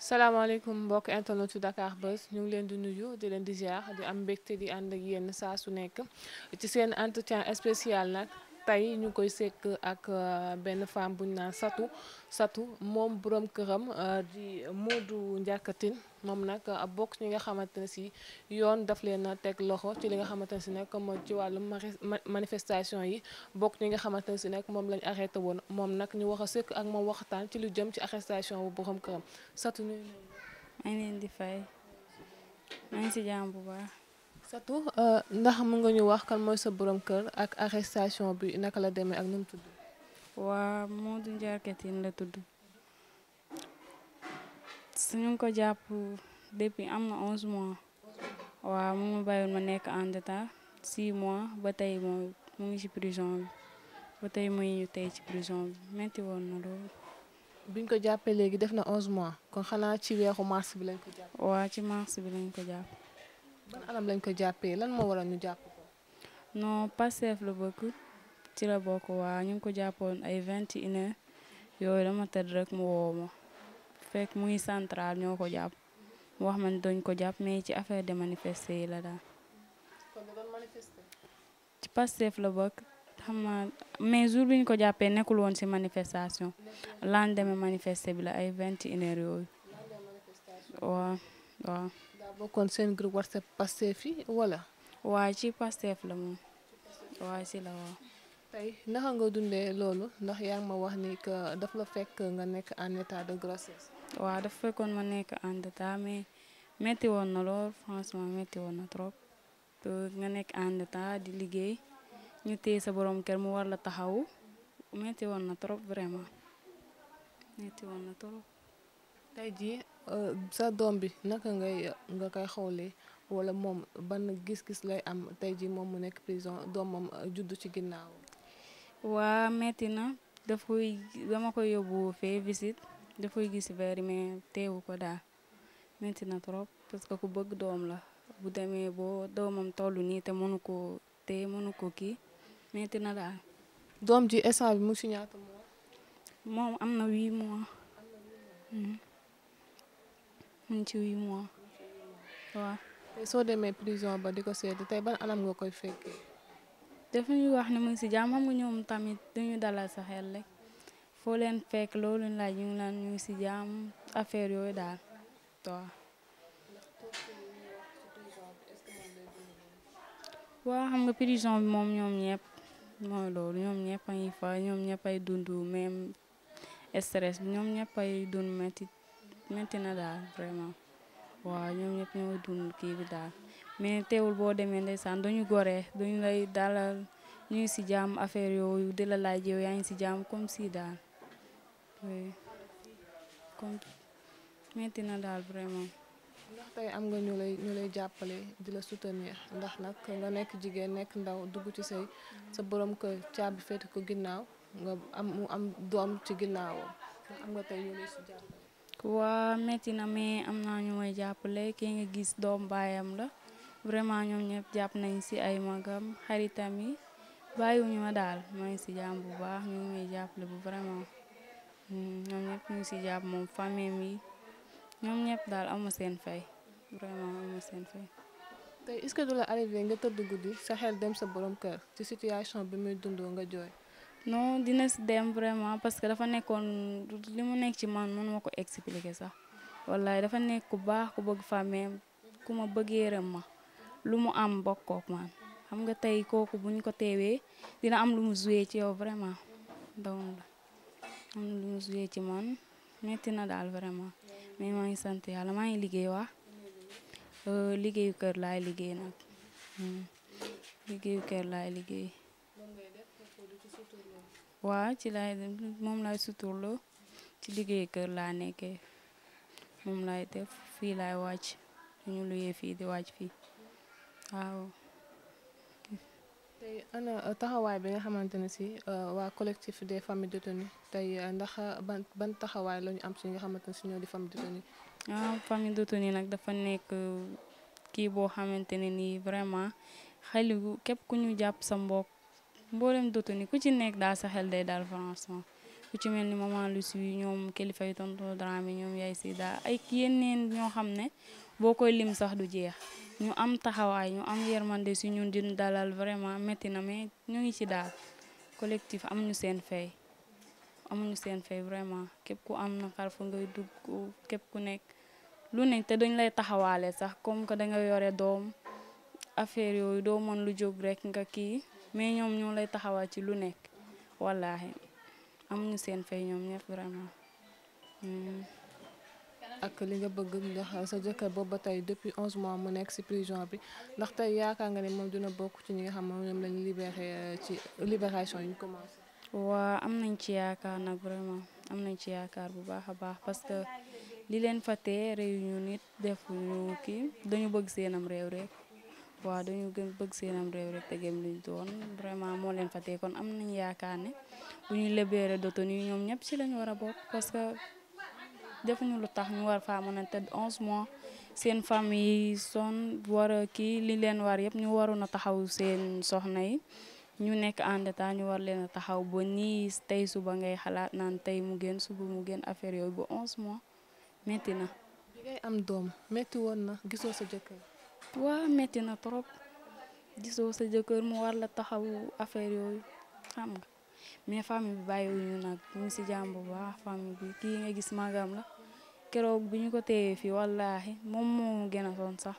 salaamaaleykum mbokk internet yu Dakar Buzz ñu ngi leen di nuyu di leen di ziar di am mbégte di ànd ak yenn saa su nekk ci seen entretien spécial nag tey ñu koy sekk ak euh, benn femme bu ñu naan Satou Satou moom borom këram euh, di du njàkkatin moom nag euh, bokk ñi nga xamante ne si yoon daf leen teg loxo ci li nga xamante ne si nag moom ci wàllum manifestation yi bokk ñi nga xamante ne si nag moom lañ arrêté woon moom nag ñu wax a sekk ak moom waxtaan ci lu jëm ci arrestation bu borom këram Satou nuyu maa leen di fay maa si jàmm bu baax. Satou euh, ndax mën nga ñu wax kan mooy sa borom kër ak arrestation bi naka la demee ak nu tudd. waa moo Modou Ndiaye Ketine la tudd suñu ngi ko jàpp depuis am na 11 mois. waaw mu ma bàyyoon ma nekk en état 6 mois ba tey moom mu ngi ci prison bi ba tey muy ñu tey ci prison bi metti woon na loolu. biñ ko jàppee léegi def na 11 mois kon xanaa ci weexu mars bi lañ ko jàpp. waa ci mars bi lañ ko jàpp. ban ko jàppee lan moo waral ñu jàpp ko. non Pastef la bokk ci la bokk waa ñu ngi ko jàppoon ay vingt et une heures yooyu dama tëdd rek mu woo ma fekk muy central ñoo ko jàpp mu wax man dañ ko jàpp mais ci affaire de manifester yi la daal. ci Pastef la bokk mais jour bi ñu ko jàppee nekkul woon si manifestation lendemain manifester bi la ay vingt et une yooyu. waaw waaw. daa bokkoon seen groupe WhatsApp Pastef yi wala. waa ci Pastef la moom waa si la waaw. tey naka nga dundee loolu ndax yaa ngi ma wax ni que daf la fekk nga nekk en état de grossesse. waaw dafa fekkoon ma nekk en état mais métti woon na lool franchement métti woon na trop nga nekk en état di liggéey ñu téye sa borom kër mu war la taxawu métti woon na trop vraiment métti woon na trop. tey jii Euh, sa doom bi naka ngay nga koy xawlee wala moom ban gis-gis lay am tey ji moom mu nekk prison doomam euh, juddu ci ginnaaw waa metti na daf dama koy yóbbu fee visite daf koy gis verre mais teewu ko daal metti na trop parce que ku bëgg doom la bu demee boo doomam toll nii te mënu ko te mënu ko kii metti na moom am na huit mois mu ci huit mois waaw. tey soo demee prison ba di ko seeti tey ban anam nga koy fekkee. dafa ñuy wax ne mu ngi si jàmm xam nga ñoom tamit duñu dalal sa xel rek leen fekk loolu laaj ñu ngi naan ñu ngi si jàmm affaire yooyu daal waaw. waaw xam nga prison bi moom ñoom ñëpp mooy loolu ñoom ñëpp a ngi fa ñoom ñëpp ay dund même stress bi ñoom ay dund métit métti na daal vraiment waa ñoom ñëpp ñoo dund kii bi daal mais teewul boo demee ndeysaan dañu goree dañu lay dalal ñu si jàmm affaire yooyu di la laaj yow yaa ngi si jàmm comme si daal oui na daal vraiment. ndax tey am nga ñu lay ñu jàppale di la soutenir ndax nag nga nekk jigéen nekk ndaw dugg ci sëy sa boroom kër caabi féete ko ginnaaw nga am mu doom ci ginnaawam nga tey waa métti na mais am naa ñu may jàppale kii nga gis doom baayam la vraiment ñoom ñëpp jàpp nañ si ay magam xaritam yi bàyyiwuñu ma daal maa ngi si jàmm bu baax ñu ngi jàppale bu vraiment hmm, ñoom ñëpp ñu ngi si jàpp moom famille mi ñoom ñëpp daal ama seen fay vraiment ama seen fay. tey est-ce que du nga tëdd guddi sa dem sa borom kër ci situation bi muy dundoo nga jooy. non dina si dem vraiment parce que dafa nekkoon li mu nekk ci man mënu ma ko expliquer sax wallaay dafa nekk ku baax ku bëgg famille ku ma bëggee rëm ma lu mu am bokkook man xam nga tey kooku buñ ko teewee dina am lu mu joué ci yow vraiment doom la am lu mu joué ci man metti na daal vraiment mais maa ngi sant yàlla maa ngi liggéey wa euh, liggéeyu kër laay liggéey nag hmm. liggéeyu kër laay liggéey waaw ci laay moom laay suturloo ci liggéey kër laa nekkee moom lay def fii laay wàcc ñu luye fii di wàcc fii waaw. tey ana taxawaay bi nga xamante ne si euh, waa collectif des familles détenues tey ndax ban ban taxawaay lañu am si nga xamante ne si ñoo di famille détenue. waaw ah, famille détenue nag dafa nekk kii boo xamante ne nii vraiment xel képp ku ñu jàpp sa mbokk. mboolem dootu ni ku ci nekk daal sa xel day daal franchement ku ci mel ni maman Lucie ñoom kilifa yu tonton Dramé ñoom yaay daal ay yeneen ñoo xam ne boo koy lim sax du jeex ñu am taxawaay ñu am yermande si ñun di dalal vraiment métti na mais ñu ngi ci daal am amuñu seen fay amuñu seen fay vraiment képp ku am na xar fa ngay dugg képp ku nekk lu nekk te dañ lay taxawaale sax comme que da yore doom affaire yooyu doo mën lu jóg rek nga kii mais ñoom ñoo lay taxawaat ci lu nekk am amuñu seen fay ñoom ñëpp vraiment. Hmm. ak li nga bëgg ndax sa jëkkër boobu ba tey depuis 11 mois mu nekk ci prison bi ndax tey yaakaar nga ne moom dina bokk ci ñi nga xam moom ñoom lañ libéré euh, ci libération yi ñu commencé. waa am nañ ci yaakaar nag vraiment am nañ ci yaakaar bu baax a baax parce que li leen fa tee réew ñu nit defuñu kii dañu bëgg seenam réew rek. waa dañu gën bëgg seenam réew rek te luñ doon vraiment moo leen fa tee kon am nañ yaakaar ne bu ñu libéré détenus ñoom ñëpp ci lañ war a bokk parce que defuñu lu tax ñu war faa mën te tëdd 11 mois seen famille son war a kii li leen war yëpp ñu waroon taxaw seen soxna yi ñu nekk en état ñu war leen a taxaw ba nii tey suba ngay xalaat naan tey mu gën suba mu gën affaire yooyu ba 11 mois métti na. waa metti na trop gisoo sa jëkkër mu war la taxawu affaire yooyu xam mais famille bi bàyyiwuñu nag ñu ngi si jàmm bu baax famille bi kii nga gis magam la keroog bi ñu ko téyee fii wallaahi moom moomu gën a sonn sax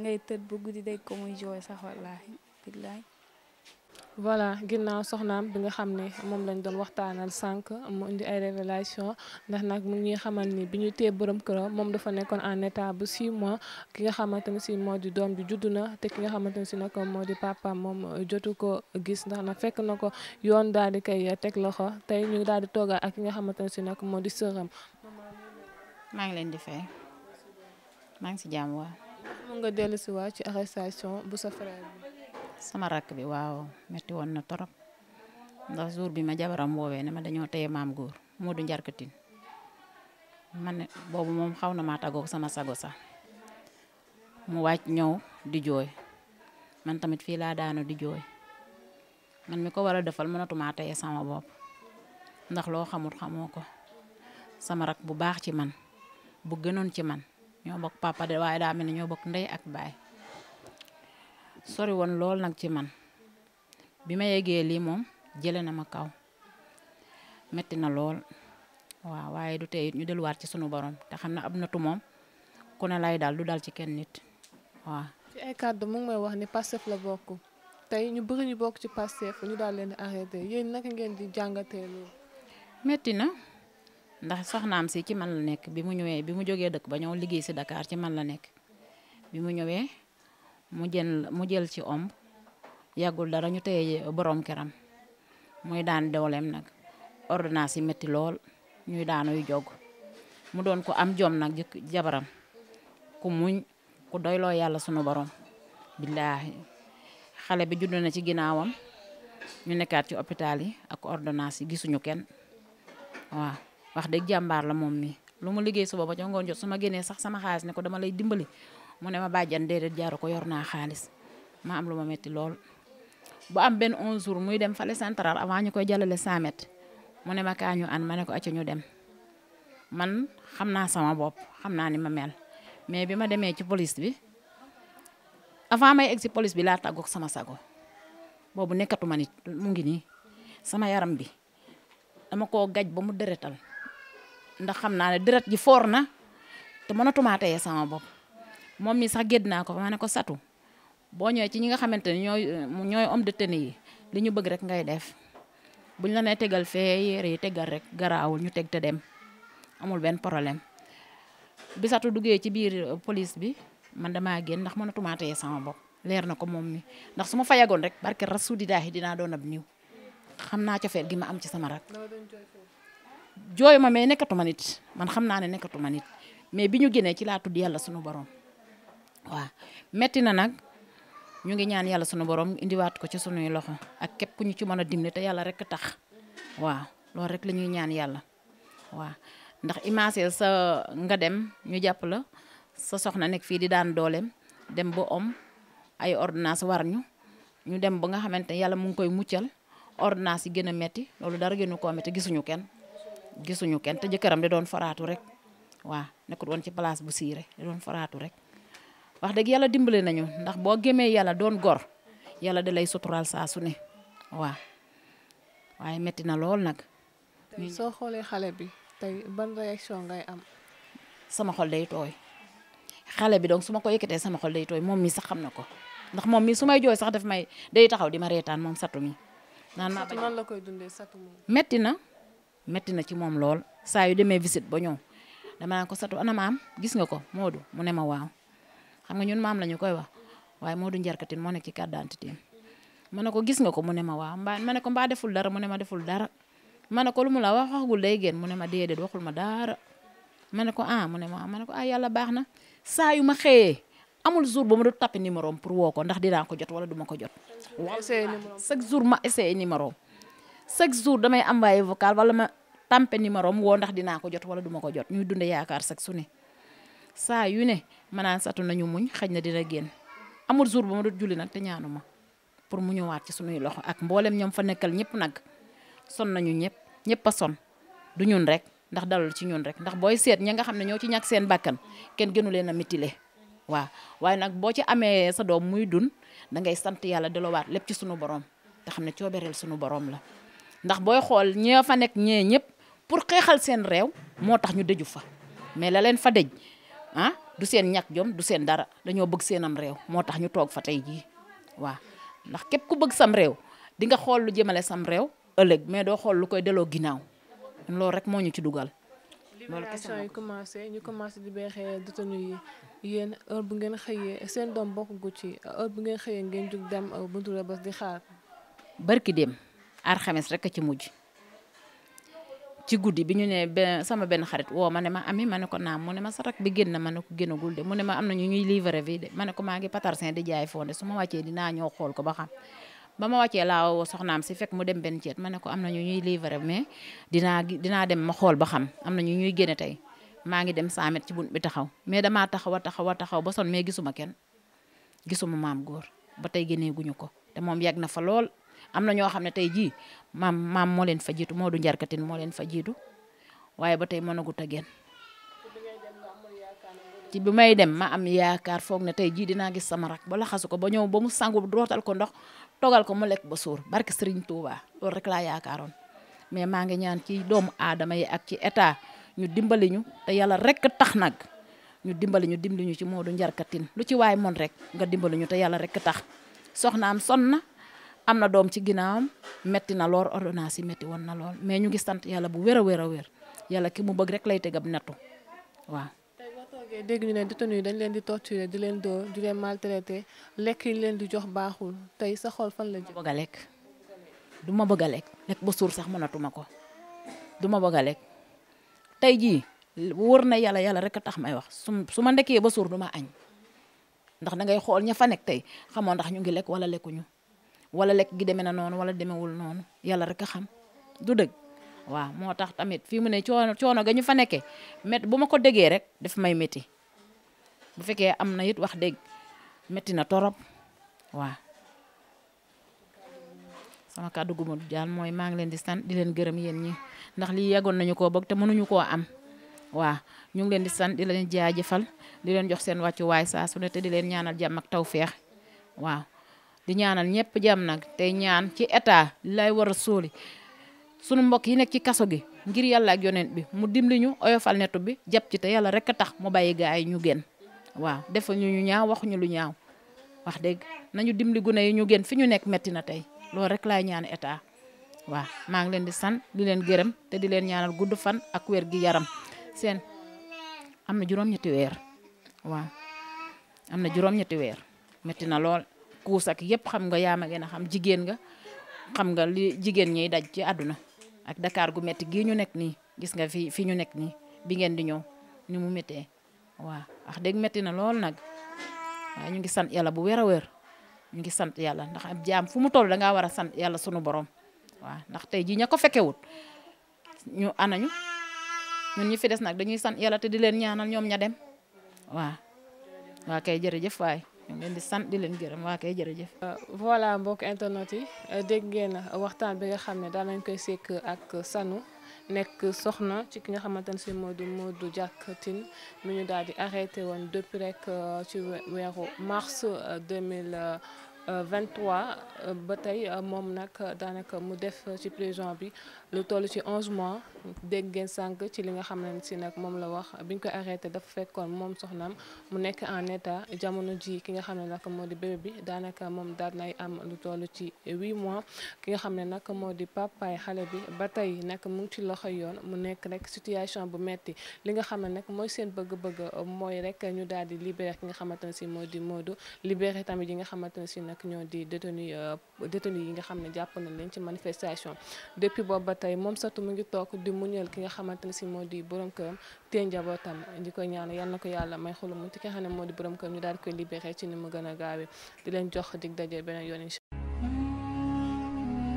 ngay tëdd bu guddi dégg ko muy jooy sax wallaahi billaahi voilà ginnaaw soxnaam bi nga xam ne moom lañ doon waxtaanal sànq mu indi ay relation ndax nag mu ngi xamal ni bi ñu téye borom këram moom dafa nekkoon en état bu 6 mois ki nga xamante ne si moo di doom bi juddu te ki nga xamante ne si nag moo di papa moom jotu ko gis ndax nag fekk na ko yoon daal di koy teg loxo tey ñu daal di toogal ak ki nga xamante ne si nag moo di sëram. maa ngi leen di fay maa ngi si jàmm sama rakk bi waaw metti woon na torop ndax jour bi ma jabaram woowee ne ma dañoo téye maam góor Modou Njarkatin man ne boobu moom xaw na maa tàggoog sama sago sax mu wàcc ñëw di jooy man tamit fii laa daanu di jooy man mi ko war a defal mënatumaa téye sama bopp ndax loo xamut xamoo ko sama rak bu baax ci man bu gënoon ci man ñoo bokk papa de waaye daa mel ne ñoo bokk ndey ak baay sori woon lool nag ci man bi ma yegee lii moom jële na ma kaw metti na lool waaw waaye du tey ñu delluwaat ci sunu borom te xam ne ab natu moom ku ne lay daal du dal ci kenn nit waaw. ci ay kàddu mu ngi may wax ni Pastef la bokk tey ñu bëri ñu bokk ci Pastef ñu daal leen di arrêté yéen naka ngeen di jàngatee loolu. metti na ndax sax soxnaam si ci man la nekk bi mu ñëwee bi mu jógee dëkk ba ñëw liggéey si Dakar ci man la nekk bi mu ñëwee. mu jël mu jël ci omb yàggul dara ñu tey borom këram muy daan dooleem nag ordonnance yi lool ñuy daanuy jog mu doon ku am jom nag jëkk jabaram ku muñ ku doyloo yàlla sunu borom billaahi xale bi judd na ci ginnaawam ñu nekkaat ci hôpital yi ak ordonnance yi gisuñu kenn waa wax dëgg jàmbaar la moom mi lu mu liggéey suba ba ca ngoon jot su ma génnee sax sama xaalis ne ko dama lay dimbali mu ne ma bàjjan déedéet jaaru ko yor naa xaalis ma am lu ma métti lool. bu am benn 11 jours muy dem fale central avant ñu koy jàllale 100 m mu ne ma kaa ñu an ma ne ko acca ñu dem man xam naa sama bopp xam naa ni ma mel mais bi ma demee ci police bi avant may egg si police bi laa tàggoog sama sago boobu nekkatuma nit mu ngi nii sama yaram bi dama koo gaj ba mu deretal ndax xam naa ne deret ji foor na te mënatumaa teye sama bopp. moom mi sax gédd naa ko ma ne ko satu boo ñëwee ci ñi nga xamante ne ñooy ñooy homme de tenue yi li ñu bëgg rek ngay def buñ la nee tegal fee yére yi tegal rek garaawul ñu teg te dem amul benn problème bi satu duggee ci biir euh, police bi man damaa génn ndax mënatuma teye sama bopp leer na ko moom mi ndax su ma fa fayagoon rek barke rasulillahi dinaa doon ab niw xam naa cofeel gi ma am ci sama rak jooyu ma mais nekkatuma nit man xam naa ne nekkatuma nit mais bi ñu génnee ci laa yàlla sunu borom waaw metti na nag ñu ngi ñaan yàlla sunu borom indiwaat ko ci sunuy loxo ak képp ku ñu ci mën a dimbali te yàlla rek tax waaw loolu rek lañuy ñaan yàlla waaw ndax imagine sa nga dem ñu jàpp la sa soxna nekk fii di daan dooleem dem ba om ay ordonnance war ñu ñu dem bu nga xamante yàlla mu ngi koy muccal ordonnance yi gën a metti loolu dara gënu koo metti gisuñu kenn gisuñu kenn te jëkkëram da doon faraatu rek waaw nekkul woon ci place bu siire da doon faraatu rek wax dëgg yàlla dimbale nañu ndax boo gémee yàlla doon gor yàlla da lay suturaal saa su ne waaw waaye metti na lool nag. soo xoolee xale bi tey ban réaction ngay am. sama xol day tooy xale bi donc su ma ko yëkkatee sama xol day tooy moom mi sax xam na ko ndax moom mi su may jooy sax daf may day taxaw di ma reetaan moom satu mi. naan naa bañ la koy dundee satu metti na metti na ci moom lool saa yu demee visite ba ñëw dama naan ko satu ana maam gis nga ko Modou mu ne ma waaw. xam nga ñun maam la ñu koy wax waaye du Njarkatin moo nekk ci carte d'identité ma ne ko gis nga ko mu ne ma waaw mbaa ma ne ko mbaa deful dara mu ne ma deful dara ma ne ko lu mu la wax waxagul day génn mu ne ma déedéet waxul ma dara ma ne ko ah mu ne ma ma ne ko ah yàlla baax na saa yu ma xëyee amul jour bu ma doon tapé numéro am pour woo ko ndax dinaa ko jot wala du ma ko jot. waaw chaque jour ma essayé numéro am chaque jour damay envoyé vocal wala ma tampé numéro am woo ndax dinaa ko jot wala du ma ko jot ñuy dundee yaakaar sax su ne saa yu ne. manaan satu nañu muñ xaj na dina génn amul jour ba ma doon julli nag te ñaanu ma pour mu ñëwaat ci sunuy loxo ak mboolem ñoom fa nekkal ñëpp nag son nañu ñëpp ñëpp a son du ñun rek ndax dalul ci ñun rek ndax booy seet ñi nga xam ne ñoo ci ñàkk seen bàkkan kenn gënu leen a mitile waaw waaye nag boo ci amee sa doom muy dun da ngay sant yàlla waat lépp ci sunu borom te xam ne coobereel sunu boroom la ndax booy xool ñee fa nekk ñee ñëpp pour xeexal seen réew moo tax ñu dëju fa mais la leen fa dëj ah, du seen ñàkk jom du seen dara dañoo bëgg seenam réew moo tax ñu toog fa tey jii waaw ndax képp ku bëgg sam réew di nga xool lu jëmale sam réew lëg mais doo xool lu koy deloo ginnaaw loolu rek moo ñu ci dugal. loolu kese libération yi commencé ñu commencé di beexee détenu yi yéen heure bu ngeen xëyee seen doom bokk gu ci heure bu ngeen xëyee ngeen jug dem buntu Rebeuss di xaar. barki dem alxames rek a ci mujj. ci guddi bi ñu ne sama benn xarit woo ma ne ma ami ma ne ko naam mu ne ma sa rak bi génna na ma ne ko génnagul de mu ne ma am na ñu ñuy livrer de ma ne ko maa ngi patarsin di jaay fonde su ma wàccee dinaa ñëw xool ko ba xam ba ma wàccee laa woo soxnaam si fekk mu dem benn ceet ma ne ko am na ñu ñuy livrer mais dinaa dinaa dem ma xool ba xam am na ñu ñuy génne tey maa ngi dem 100 mètres ci bunt bi taxaw mais damaa taxaw a taxaw a taxaw ba son mais gisuma kenn gisuma maam góor ba tey génneeguñu ko te moom yàgg na fa lool am na ñoo xam ne tey jii maam maam moo leen fa jiitu moo du njarkatin moo leen fa jiitu waaye ba tey mënagut a génn ci bi may dem ma am yaakaar foog ne tey jii dinaa gis sama rak ba laxasu ko ba ñëw ba mu sangu dootal ko ndox togal ko mu lekk ba suur barke Serigne Touba loolu rek la yaakaaroon mais maa ngi ñaan ci doomu aadama yi ak ci état ñu dimbali ñu te yàlla rek tax nag ñu dimbali ñu dimbali ci Modou Njarkatin lu ci waay mon rek nga dimbali ñu te yàlla rek tax soxnaam sonn na am na doom ci ginnaawam metti na lool ordonnance yi metti woon na lool mais ñu ngi sant yàlla bu wér a weer a wér yàlla ki mu bëgg rek lay tegab nettu waaw. tey boo toogee dégg ñu dañ leen di torturer di leen dóor di leen maltraité lekk yi leen di jox baaxul tey sa xool fan la. du ma bëgg a lekk du ma bëgg lekk lekk ba suur sax mënatuma ko du ma bëgg a lekk tey jii wër na yàlla yàlla rek a tax may wax su ma ndekkee ba suur du ma añ ndax da ngay xool ña fa nekk tey xamoo ndax ñu ngi lekk wala lekkuñu. wala lekk gi demee na noonu wala demewul noonu yàlla rek a xam du dëgg waaw moo tax tamit fii mu ne coono coono ga ñu fa nekke mét bu ma ko déggee rek daf may metti bu fekkee am na yit wax dëgg metti na torop waaw. sama kàddu gu mujj mooy maa ngi leen di sant di leen gërëm yéen ñi ndax li yàggoon nañu koo bëgg te mënuñu koo am waa ñu ngi leen di sant di leen jaajëfal di leen jox seen wàccuwaay saa su ne te di leen ñaanal jàmm ak tawféex waaw. di ñaanal ñëpp jàmm nag tey ñaan ci état lay war a sóoli sunu mbokk yi nekk ci kaso gi ngir yàlla ak yonent bi mu dimbali ñu oyofal nettu bi jàpp ci te yàlla rek a tax mu bàyyi gaa yi ñu génn waaw defal ñu ñu ñaaw waxuñu lu ñaaw wax dëgg nañu dimbli gune yi ñu génn fi ñu nekk metti na tey loolu rek laay ñaan état waaw maa ngi leen di san di leen gërëm te di leen ñaanal gudd fan ak wér gi yaram seen am na juróom-ñetti weer waaw am na juróom weer metti na lool. kuus ak yëpp xam nga yaama ma a xam jigéen nga xam nga li jigéen ñi daj ci àdduna ak Dakar gu metti gi ñu nekk nii gis nga fi fi ñu nekk nii bi ngeen di ñëw ni mu méttee waaw wax dëgg metti na lool nag waaye ñu ngi sant yàlla bu wér a wér ñu ngi sant yàlla ndax ab jaam fu mu toll danga ngaa war a sant yàlla sunu borom waaw ndax tey jii ña ko fekkewut ñu anañu ñun ñi fi des nag dañuy sant yàlla te di leen ñaanal ñoom ña dem waaw waa kay jërëjëf waay ñu leen di sant di leen gërëm waa kay jërëjëf. Euh, voilà mbokk internet yi euh, dégg na waxtaan bi nga xam ne daal nañ koy sekk ak Sanu nekk soxna ci ki nga xamante ne si Modou Modou Diack Tine mi ñu daal di arrêté woon depuis rek euh, ci weeru mars 2000. 23 euh, euh, ba tey euh, moom nag daanaka mu def ci prison bi lu toll ci 11 mois dégg ngeen sànq ci li nga xam ne si nag moom la wax biñ ko arrêté dafa fekkoon moom soxnaam mu nekk en état jamono ji ki nga xam ne nag moo di bébé bi daanaka moom daal nay am lu toll ci 8 mois ki nga xam ne nag moo di papaay xale bi ba tey nag mu ci loxo yoon mu nekk rek situation bu metti li nga xam ne nag mooy seen bëgg-bëgg mooy rek ñu daal di libéré ki nga xamante ne si moo di Modou libéré tamit yi nga xamante ne si nag nag ñoo di détenu euh, détenu yi nga xam ne jàpp nañ leen ci manifestation depuis boobu ba tey moom satu mu ngi toog di mu muñal ki nga xamante ne si moo di borom këram tee njabootam di ko ñaan yal na ko yàlla may xolu mu ci ki xam ne moo di borom këram ñu daal di koy libéré ci ni mu gën a gaawee di leen jox dig daje beneen yoon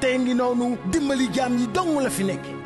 konte ngi noonu dimbali jaam yi dong la fi nekk